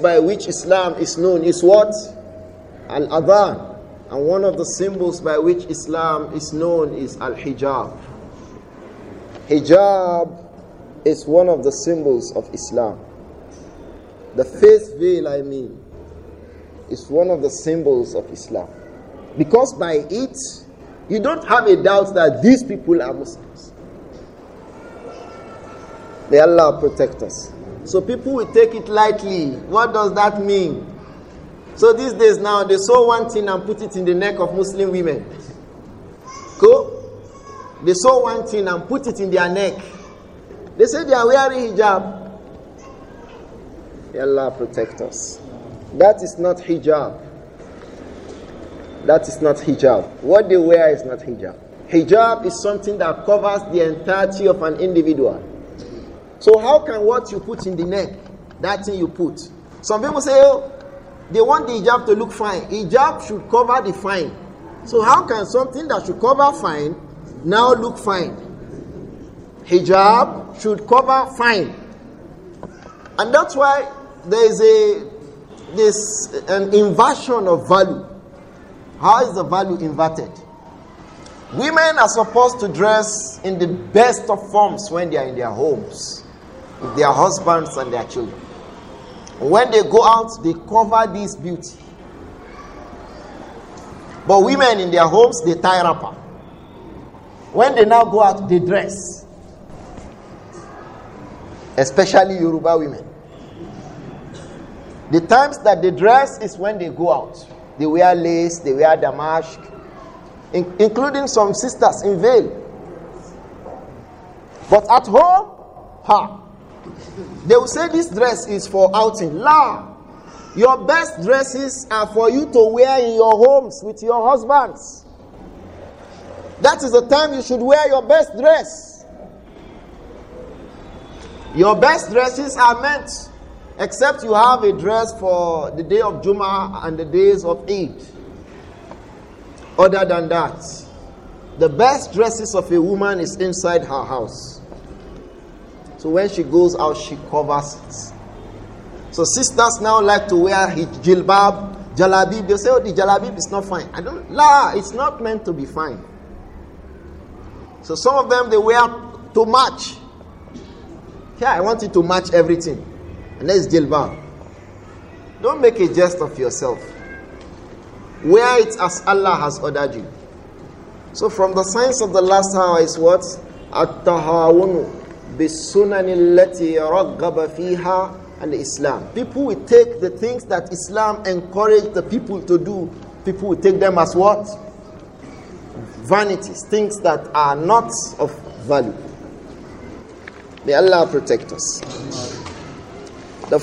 by which Islam is known is what? Al Adhan. And one of the symbols by which Islam is known is Al Hijab. Hijab is one of the symbols of Islam. The face veil, I mean, is one of the symbols of Islam. Because by it, you don't have a doubt that these people are Muslims. May Allah protect us. So people will take it lightly. What does that mean? So these days now, they sew one thing and put it in the neck of Muslim women. Cool? They sew one thing and put it in their neck. They say they are wearing hijab. May Allah protect us. That is not hijab. That is not hijab. What they wear is not hijab. Hijab is something that covers the entirety of an individual. So how can what you put in the neck, that thing you put? Some people say, oh, they want the hijab to look fine. Hijab should cover the fine. So how can something that should cover fine now look fine? Hijab should cover fine. And that's why there is a this an inversion of value. How is the value inverted? Women are supposed to dress in the best of forms when they are in their homes their husbands and their children. When they go out, they cover this beauty. But women in their homes, they tie wrapper. When they now go out, they dress. Especially Yoruba women. The times that they dress is when they go out. They wear lace, they wear damask, in, including some sisters in veil. But at home, ha, they will say this dress is for outing. La! Your best dresses are for you to wear in your homes with your husbands. That is the time you should wear your best dress. Your best dresses are meant, except you have a dress for the day of Juma and the days of Eid. Other than that, the best dresses of a woman is inside her house. So when she goes out, she covers it. So sisters now like to wear jilbab, jalabib. They say, oh, the jalabib is not fine. I don't, la, it's not meant to be fine. So some of them, they wear to match. Here, yeah, I want it to match everything. And that's jilbab. Don't make a jest of yourself. Wear it as Allah has ordered you. So from the signs of the last hour is what? At-tahawunu. بِالسُّنَنِ الَّتِي fiha, and Islam. People will take the things that Islam encouraged the people to do, people will take them as what? Vanities, things that are not of value. May Allah protect us. The